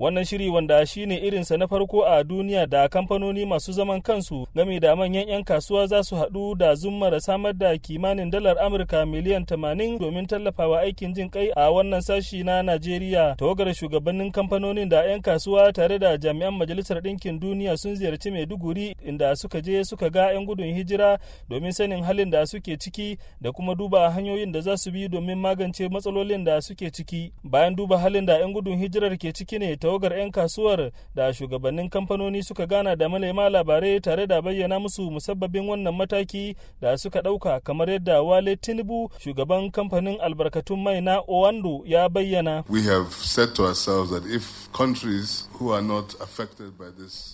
Wannan shiri wanda shi ne irinsa na farko a duniya da kamfanoni masu zaman kansu game da manyan 'yan kasuwa za su haɗu da zumara samar da kimanin dalar Amurka miliyan 80 domin tallafawa aikin jin kai a wannan sashi na Najeriya. Tawagar shugabannin kamfanonin da 'yan kasuwa tare da jami'an Majalisar Ɗinkin Duniya sun ziyarci Maiduguri inda suka je suka ga 'yan gudun hijira domin sanin halin da suke ciki da kuma duba hanyoyin da za su bi domin magance matsalolin da suke ciki. Bayan duba halin da 'yan gudun hijirar ke ciki ne ta tawagar 'yan kasuwar da shugabannin kamfanoni suka gana da malema labarai tare da bayyana musu musabbabin wannan mataki da suka ɗauka kamar yadda wale tinubu shugaban kamfanin albarkatun mai na owando ya bayyana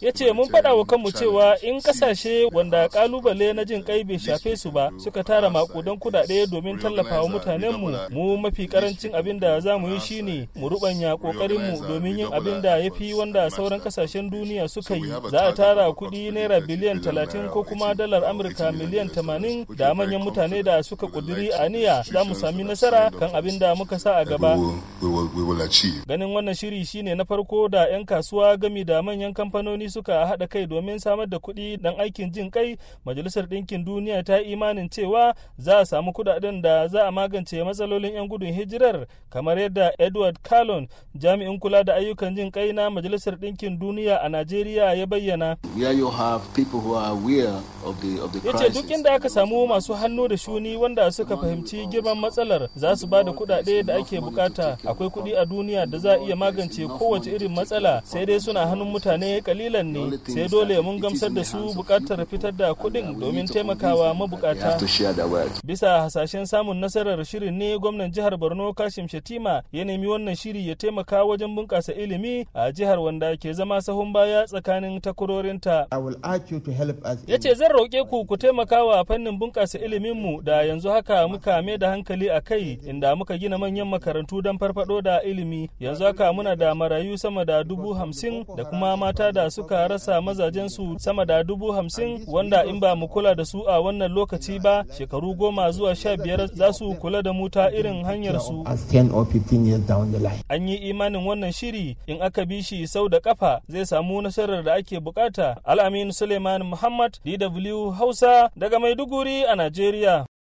ya ce mun faɗa wa kanmu cewa in ƙasashe wanda ƙalubale na jin kai bai shafe su ba suka tara makudan kuɗaɗe domin tallafa wa mutanenmu mu mafi karancin abin da za mu yi shine mu ruɓanya ƙoƙarinmu domin yin abin abin da ya fi wanda sauran kasashen duniya suka yi za a tara kuɗi naira biliyan talatin ko kuma dalar amurka miliyan tamanin da manyan mutane da suka ƙudiri aniya za mu sami nasara kan abin da muka sa a gaba ganin wannan shiri shine na farko da 'yan kasuwa gami da manyan kamfanoni suka haɗa kai domin samar da kuɗi dan aikin jin kai majalisar ɗinkin duniya ta imanin cewa za a samu kuɗaɗen da za a magance matsalolin 'yan gudun hijirar kamar yadda edward callon jami'in kula da ayyukan ayyukan jin kai na Majalisar dinkin Duniya a Najeriya ya bayyana. Ya ce duk inda aka samu masu hannu da shuni wanda suka fahimci girman matsalar za su ba da kuɗaɗe da ake bukata. Akwai kuɗi a duniya da za a iya magance kowace irin matsala sai dai suna hannun mutane kalilan ne sai dole mun gamsar da su bukatar fitar da kuɗin domin taimakawa mabukata. Bisa hasashen samun nasarar shirin ne gwamnan jihar Borno Kashim Shatima ya nemi wannan shiri ya taimaka wajen bunƙasa ilimi ilimi a jihar wanda ke zama sahun baya tsakanin takwarorinta. Ya ce zan roƙe ku ku taimaka wa fannin bunƙasa iliminmu da yanzu haka muka mai da hankali a kai inda muka gina manyan makarantu don farfado da ilimi yanzu haka muna da marayu sama da dubu hamsin da kuma mata da suka rasa mazajensu sama da dubu hamsin wanda in ba mu kula da su a wannan lokaci ba shekaru goma zuwa sha biyar za su kula da mu ta irin hanyar su. An yi imanin wannan shiri in aka bi shi sau da kafa zai samu nasarar da ake bukata al'amin suleiman muhammad dw hausa daga maiduguri a najeriya